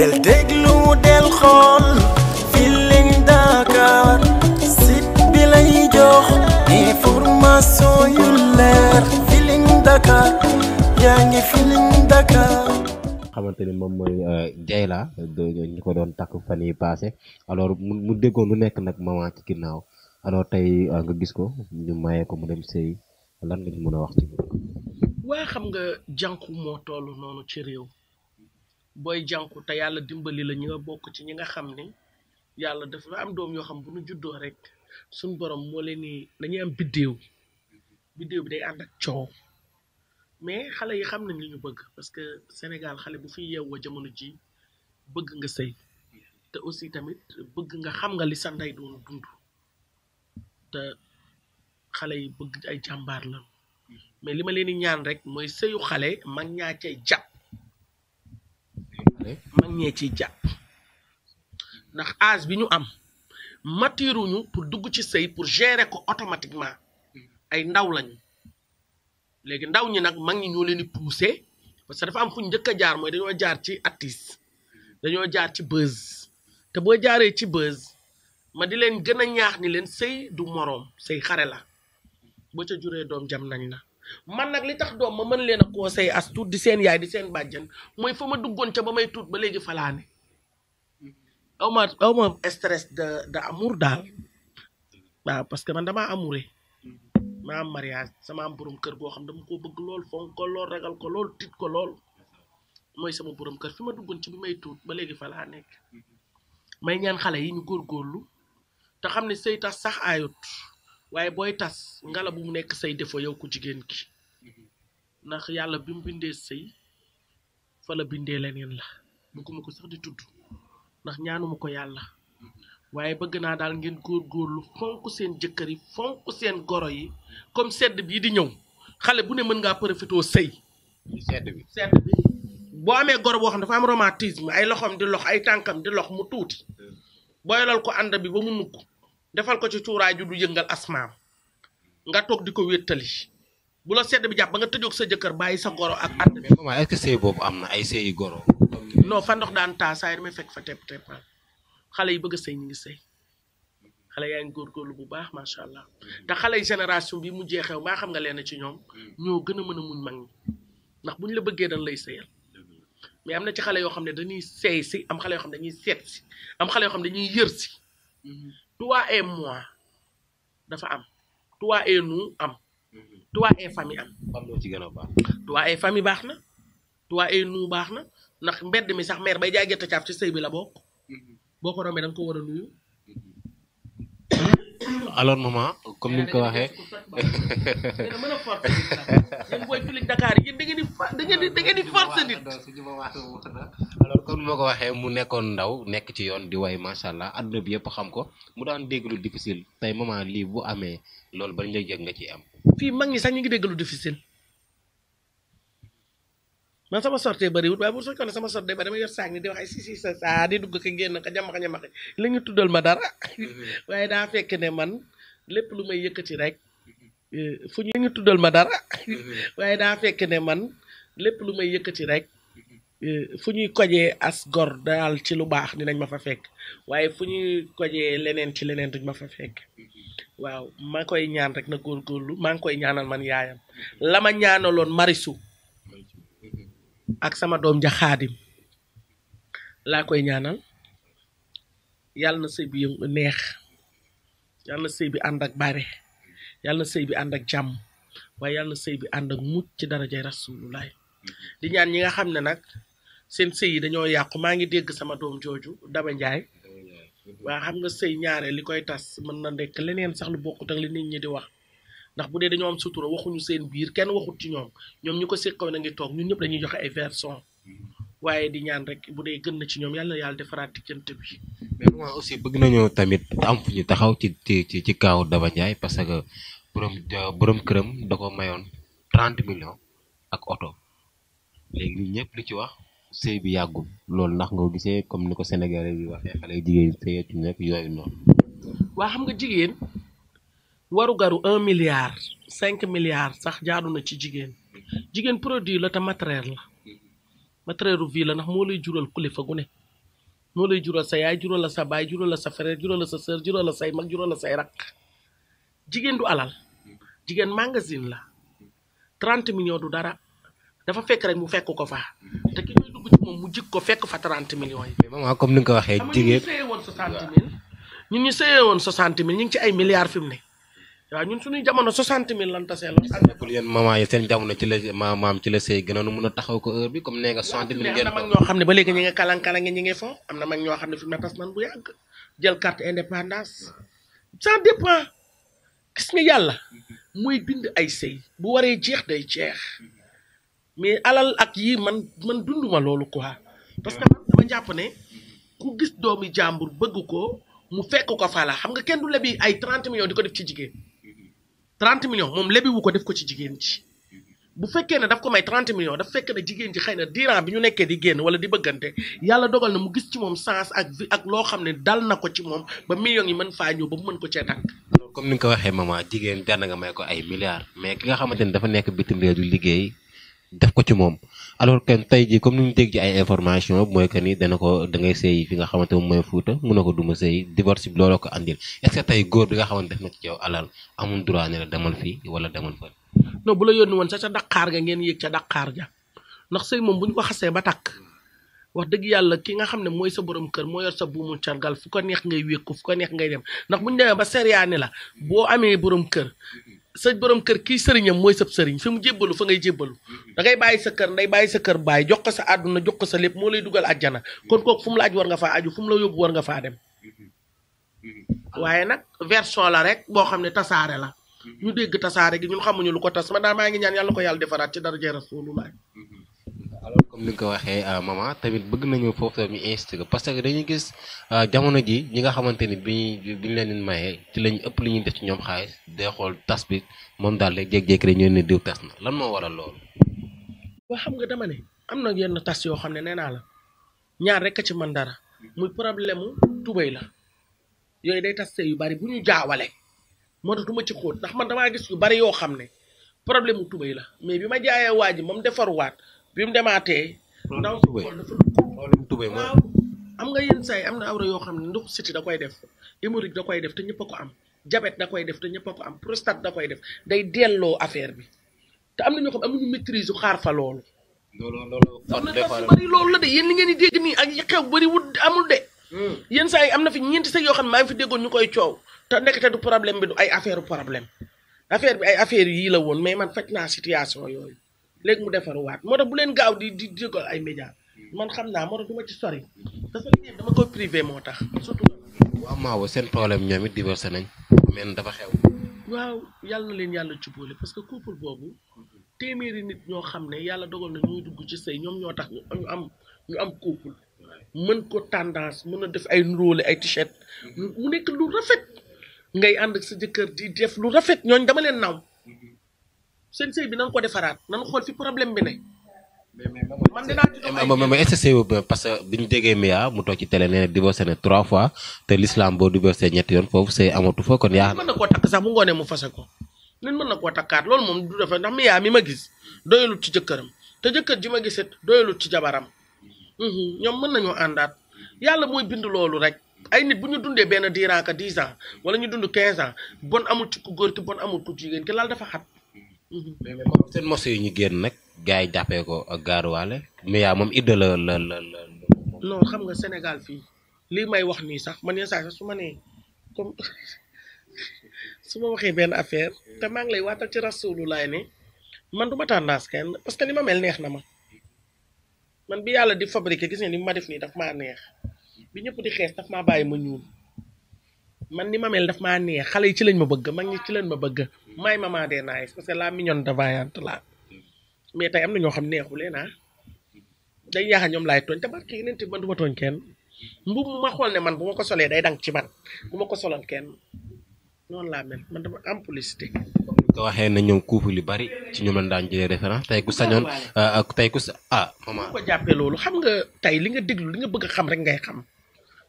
del déglu del xool Feeling Dakar site bi lay jox information yu leer Feeling Dakar yaa ngi Feeling Dakar xamante ni moom mooy Dieyla euh, ñu ko doon takk fan yi passé alors mu déggoon lu nekk nag maman ci ginnaaw alors tey euh, nga gis ko ñu maye ko mu dem sëy lan nga ñu mën a nga jànku moo toll noonu ci réew booy jànku te yàlla dimbali la ñu nga bokk ci ñi nga xam ni yàlla dafa am doom yoo xam bu nu juddoo rek suñ borom moo leen ni dañuy am biddéew biddéew bi day ànd ak coow mais xale yi xam nañ li ñu bëgg parce que Sénégal xale bu fi yeewoo jamono ji bëgg nga sëy te aussi tamit bëgg nga xam nga li sa ndey doon dund te xale yi bëgg ay jàmbaar la mais li ma leen ñaan rek mooy sëyu xale mag ñaa cay jàpp mag ñee ciy jàpp ndax âge bi ñu am matiru ñu pour dugg ci sëy pour gérer ko automatiquement ay ndaw lañ léegi ndaw ñi nag mag ñi ñoo leen di pousser parce que dafa am fu njëkk a jaar mooy dañoo jaar ci artiste dañoo jaar ci buzz te boo jaaree ci buzz ma di leen gën a ñaax ni leen sëy du moroom sëy xare la boo ca juree doom jam nañ na man nag li tax doom ma mën leen a conseiller as tout di seen yaay di seen bàjjen mooy foo ma duggoon ca ba may tuut ba léegi falaane aw ma aw ma stress de de amour daal waaw parce que man damaa amouré ma am mariage sama am borom kër boo xam dama ko bëgg lool fonk ko lool ragal ko lool tit ko lool mooy sama borom kër fi ma duggoon ci bi may tuut ba léegi fa laa nekk may ñaan xale yi ñu góorgóorlu te xam ne sëy tax sax ayot waaye booy tas ngala bu mu nekk say défaut yow ku jigéen ki ndax yàlla bi mu bindee sëy fa la bindee leneen la bëgguma ko sax di tudd ndax ñaanuma ko yàlla waaye bëgg naa daal ngeen góorgóorlu fonk seen jëkkër yi fonk seen goro yi comme sedd bii di ñëw xale bu ne mën ngaa profitoo sëy sedd bi sedd boo amee goro boo xam dafa am romantisme ay loxoom di lox ay tànkam di lox mu tuuti mm. boyalal ko ànd bi ba mu nukk defal ko ci cuuraay du yëngal asmaam nga toog di ko wéttali bu la sedd bi jàpp ba nga tëjoog sa jëkkër bàyyi sa goro ak ànd bi. mais est-ce que boobu am na ay sëyi goro. non fa ndox daan taa saa yi fekk fa tepp teppal xale yi bëgg a sëy ñu ngi sëy xale yaa ngi góorgóorlu bu baax macha allah te xale yi génération bi mu jeexew maa xam nga leen ci ñoom ñoo gën a mën a muñ mag ñi ndax buñ la bëggee dañ lay sëyal mais am na ci xale yoo xam ne dañuy seey si am xale yoo dañuy seet si am xale yoo xam ne dañuy si toi et moi dafa am toi et nous am mhm. toi et famille am. am ci gën a baax. toi et famille baax na toi et nous baax na ndax mbedd mi sax mère bay jaay gerte caaf ci sëy bi la bokk mhm. boo ko rombee da ko war a nuyu. alors maman comme ni nga ko waxee. alors comme ni ma ko waxee mu nekkoon ndaw nekk ci yoon di way macha allah adduna bi yëpp xam ko mu daan dégg lu difficile tey maman lii bu amee loolu ban njëg nga ci am. fii mag ñi sax ñu ngi dégg difficile. man sama sortee bëriwut waaye bu soo ko ne sama sortee bëri dama yor saag ni di wax ay si si sa saa di dugg ko génn ko jamax a la ñu tuddal ma dara mm-hmm. waaye daa fekk ne man lépp lu may yëkkati rek eh, fu tuddal ma dara mm-hmm. waaye daa fekk ne man lépp lu may yëkkati rek eh, fu ñuy koje as gor daal ci lu baax dinañ ma fa fekk waaye fu ñuy kojee leneen ci leneen duñ ma fa fekk mm-hmm. waaw maa koy ñaan rek na góorgóorlu maa ngi koy ñaanal man yaayam lama ma ñaanaloon marisu ak sama doom ja xaadim laa koy ñaanal yàlla na sëy bi neex yàlla na sëy bi ànd ak bare yàlla na sëy bi ànd ak jàmm waaye yàlla na sëy bi ànd ak mucc ci darajay rasulullah di ñaan ñi nga xam ne nag seen sëy yi dañoo yàqu maa ngi dégg sama doom jooju Daba Njaay waa xam nga sëy ñaare li koy tas mën na nekk leneen sax lu bokkut ak li nit ñi di wax ndax bu dee dañoo am sutura waxuñu seen biir kenn waxut ci ñoom ñoom ñu ko séqoon na ngi toog ñun ñëpp dañuy joxe ay version waaye di ñaan rek bu dee gën na ci ñoom yàlla yàlla defaraat diggante bi. mais moi aussi bëgg nañoo tamit am fu ñu taxaw ci ci ci kaaw Daba Ndiaye parce que borom borom këram da ko mayoon trente millions ak oto léegi ñun ñëpp li ci wax sëy bi yàggul loolu ndax nga gisee comme ni ko Sénégalais yi waxee xale jigéen sëyatuñ rek yooyu noonu. waa xam warugaru un milliard cinq milliard sax jaadu na ci jigéen jigéen produit la te matériel la matériel u vie la ndax moo lay jural kilifa gu ne moo lay jural sa yaay jural la sa baay jural la sa frère jural la sa sœur jural la say mag jural la say rakk jigéen du alal jigéen magazine la trente millions du dara dafa fekk rek mu fekk ko faa te ki ñuy dugg ci moom mu jik ko fekk fa trente millions yi. mais maman comme ni nga ko waxee. jigéen ñu woon soixante mille ñun ñu sëyee woon soixante mille ñu ngi ci ay milliards fi waa ñun suñuy jamono 60 mille lan tasee la. nekkul yéen maman yi ci la maam ci la sëy mun a taxaw ko heure bi comme nee nga 60 000. ngeen ne ba léegi ngi kalan-kalan ngi ñu ngi fo am na mag ñoo xam ne fi ne tas nan bu yàgg jël carte indépendance ça dépend gis nga yàlla muy bind ay sëy bu waree jeex day jeex mais alal ak yii man man dunduma loolu quoi parce que man dama jàpp ne ku gis doomi jàmbur bëgg ko mu fekk ko fa xam nga kenn du lebi ay 30 millions di ko def ci jigéen 30 millions moom lebiwu ko def ko ci jigéen ji bu fekkee ne daf ko may 30 millions daf fekk ne jigéen ji xëy na diiran bi ñu nekkee di génn wala di bëggante yàlla dogal na mu gis ci moom sens ak vi loo xam ne dal na ko ci moom ba millions yi mën faa ñëw ba mu mën ko cee tànk. comme ni nga ko waxee ma jigéen jar na nga may ko ay milliards mais ki nga xamante ni dafa nekk bitim réew liggéey. def ko ci moom alors que tey jii comme ni ñu dégg ci ay information mooy que ni dana ko da ngay sëy fi nga xamante moom mooy Fuuta mun na ko duma sëy divorce bi looloo ko andil est ce que tey góor bi nga xamante def na ci yow alal amul droit la demal fii wala demal fa. non bu la yónni woon ca ca ga ngeen yéeg ca Dakar ga ndax sëy moom bu ñu ko xasee ba takk wax dëgg yàlla ki nga xam ne mooy sa borom kër moo yor sa buumu cargal fu ko neex ngay wékku fu ko neex ngay dem ndax bu ñu demee ba seer yaa ni la boo amee borom kër sa borom kër kii sëriñam mooy sab sëriñ fi mu jébbalu fa ngay jébbalu dangay bàyyi sa kër nday bàyyi sa kër bàyyi jox ko sa àdduna jox ko sa lépp moo lay dugal àjjana kon kooku fu mu laaj war nga faa aju fu la yóbbu war nga faa dem waaye nag version la rek boo xam ne tasaare la ñu dégg tasaare gi ñun xamuñu lu ko tas ma daa maa ngi ñaan yàlla ko yàlla defaraat ci daraja rasulullah comme ni nga ko waxee euh, maman tamit bëgg nañu foofu tamit incité ko parce que dañuy gis euh, jamono ji ñi nga xamante ni bi bi ñu leen leen mayee ci lañ ëpp li ñuy def ci ñoom xaalis day xool tas bi moom daal day jékki-jékki rek ñu ne diw tas na lan moo waral loolu. boo xam nga dama am na yenn tas yoo xam ne nee naa ñaar rek ci man dara muy problème mu la yooyu day tas yu bari bu ñu jaawale moo tax du ma ci xóot ndax man damaa gis yu bari yoo xam ne problème mu la mais bi ma jaayee waa moom defaruwaat. bi mu demaatee. ndaw si xool dafa tubé waaw am yenn saa yi am na yoo xam ne ndox siti da koy def hémorroïde da koy def ta ñëpp a ko am diabète da koy def ta ñëpp a ko am prostate da koy def day delloo affaire bi te am na ñoo xam amuñu maîtrise xaar fa loolu. loolu loolu loolu la yéen ngeen di dégg nii ak yi xew bëri wut amul de. Hmm. am na fi ñeenti yoo xam ne maa ngi fi déggoon ñu koy coow te ndekete du problème bi du ay affaire problème affaire bi ay affaire yii la woon mais man faj naa situation yooyu. léegi mu defaruwaat moo tax bu leen gaaw di di jégal ay média man xam naa moo tax du ma ci sori te sa liggéey dama koy privé moo tax surtout. waaw Maawo seen problème ñoom it divorcé nañ men dafa xew. waaw yàlla na leen yàlla jubóole parce que couple boobu téeméeri nit ñoo xam ne yàlla dogal na ñuy dugg ci sëy ñoom ñoo tax ñu am ñu am couple mën ko tendance mën a def ay nuróole ay t-shirt mu nekk lu rafet ngay ànd ak sa jëkkër di def lu rafet ñooñ dama leen naw. seen sëy bi na ko defaraat na nga xool fi problème bi ne. man dinaa ci doon mais est-ce que parce que bi ñu déggee Mia mu toog ci télé nee na divorcé na trois fois te l'islam boo divorcé ñetti yoon foofu sëy amatu fa kon yaa. mën na koo takk sax bu ngoonee mu fase ko nit mën na koo takkaat loolu moom du dafa ndax Mia mi ma gis doyalut ci jëkkëram te jëkkër ji ma gisit doyalut ci jabaram mhm, ñoom mën nañoo àndaat yàlla mooy bind loolu rek. ay nit bu ñu dundee benn diiraaka dix ans wala ñu dund quinze ans bon amul ci ku bon amul ku dafa xat Mm-hmm. mais mais kon seen mos yi ñu génn nag gaa yi jàppee ko ak gaaruwaale mais yaa moom idda la la la la. xam nga Sénégal fii lii may wax nii sax man yenn saa su ma nee comme su ma waxee benn affaire te maa ngi lay waatal ci rasulullah ne man du ma tendance kenn parce que li ma mel neex na ma man bi yàlla di fabriquer gis nga ni ma def nii daf maa neex bi ñëpp di xees daf maa bàyyi ma ñuul. man ni ma mel daf maa neex xale yi ci lañ ma bëgg mag ñi ci lañ ma bëgg maay mm. maman des nice parce que la mignonne de vaillante la mm. mais tey am na ñoo xam neexulee naa ah. mm. dañ yaakaar ñoom laay tooñ te barke yeneen man du tooñ kenn mbubb ma xool ne man bu ma ko solee day dang ci man bu ma ko solal kenn noon laa mel man dama am publicité. comme ko waxee na ñoom couple yu bari ci ñoom lañ daan jëlee référence tey ku sañoon ah, tey ku sa ah. maman ko jàppee loolu xam nga tey li nga déglu li nga bëgg xam rek ngay xam.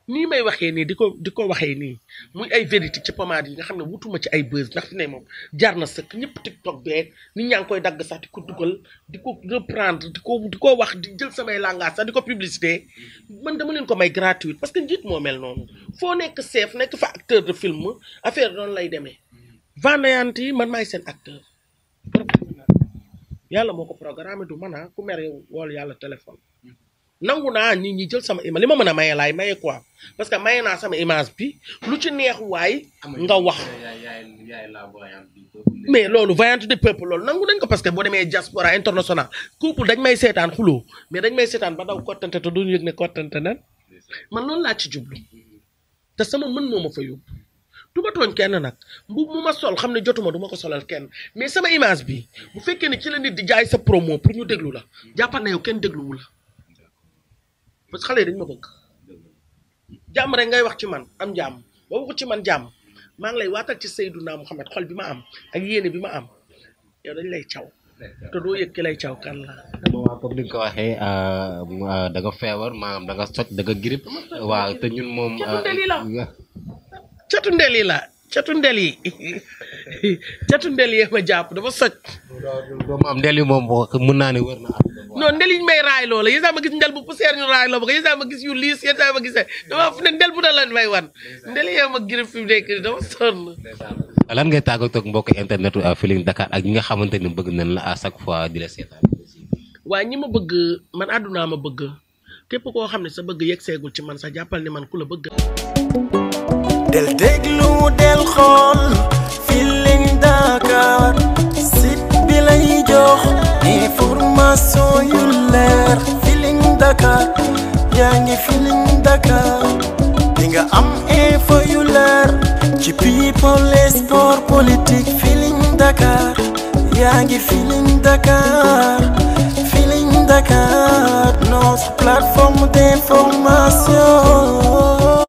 nii may waxee nii di ko di ko waxee nii muy ay vérité ci pomade yi nga xam ne wutuma ci ay buzz nax fi ne moom jaar na sëkk ñëpp tiktok beeg nit ñaa ngi koy dagg sax di ko dugal di ko reprendre di ko di ko wax di jël samay langage sax di ko publicité man dama leen ko may gratuite parce que njiit moo mel noonu foo nekk chef nekk fa acteur de film affaire noonu lay demee vendéante yi man may seen acteur yàlla moo ko programme du man kou ah, ku mere wool yàlla téléphone nangu naa nit ñi jël sama image li ma mën a maye laay maye quoi parce que maye naa sama image bi lu ci neexu waay. nga wax mais loolu voyante du peuple loolu nangu nañ ko parce que boo demee diaspora international kooku dañ may seetaan xuloo mais dañ may seetaan ba daw kottante te duñu yëg ne kottante nan man loolu laa ci jublu te sama mën moo ma fa yóbbu du ma tooñ kenn nag bu mu ma sol xam ne jotuma duma ko solal kenn mais sama image bi bu fekkee ne ci la nit di jaay sa promo pour ñu déglu la jàppal na kenn dégluwu parce que xale dañ ma bëgg jàmm rek ngay wax ci man am jàmm ci man jàmm maa ngi lay waatal ci Seydouna Muhammad xol bi ma am ak yéene bi ma am yow dañ lay caw te doo yëg ki lay caw kan la. waaw comme ni nga ko waxee euh, euh, da nga feebar da nga soj da nga grippe waaw te ñun moom. Euh, catu ndel yi la catu ndel catu ndel catu ndel yi ma jàpp dafa soj. doo am ndel moom mën naa ne wër na. non ndeliñ may raay loola yéen ma gis ndel bu poussière ñu raay loo ba yéen ma gis yu liis yéen ma gis dama fu ne ndel bu ne may wan ndel yow ma gërëm fi nekk nii dama sonn. ngay tàggatoo ak mbokk internet uh, Feeling Dakar ak ñi nga xamante ni bëgg nañ la à fois di la waa ñi ma bëgg man àddunaa ma bëgg képp koo xam ne sa bëgg yegg seegul ci man sa jàppal ni man ku la bëgg. del déglu del xool Feeling Dakar site bi lay jox. information yu leer Feeling yaa ngi Feeling Dakar di nga am info yu leer ci yaa ngi Feeling Dakar Feeling Dakar notre plateforme d'information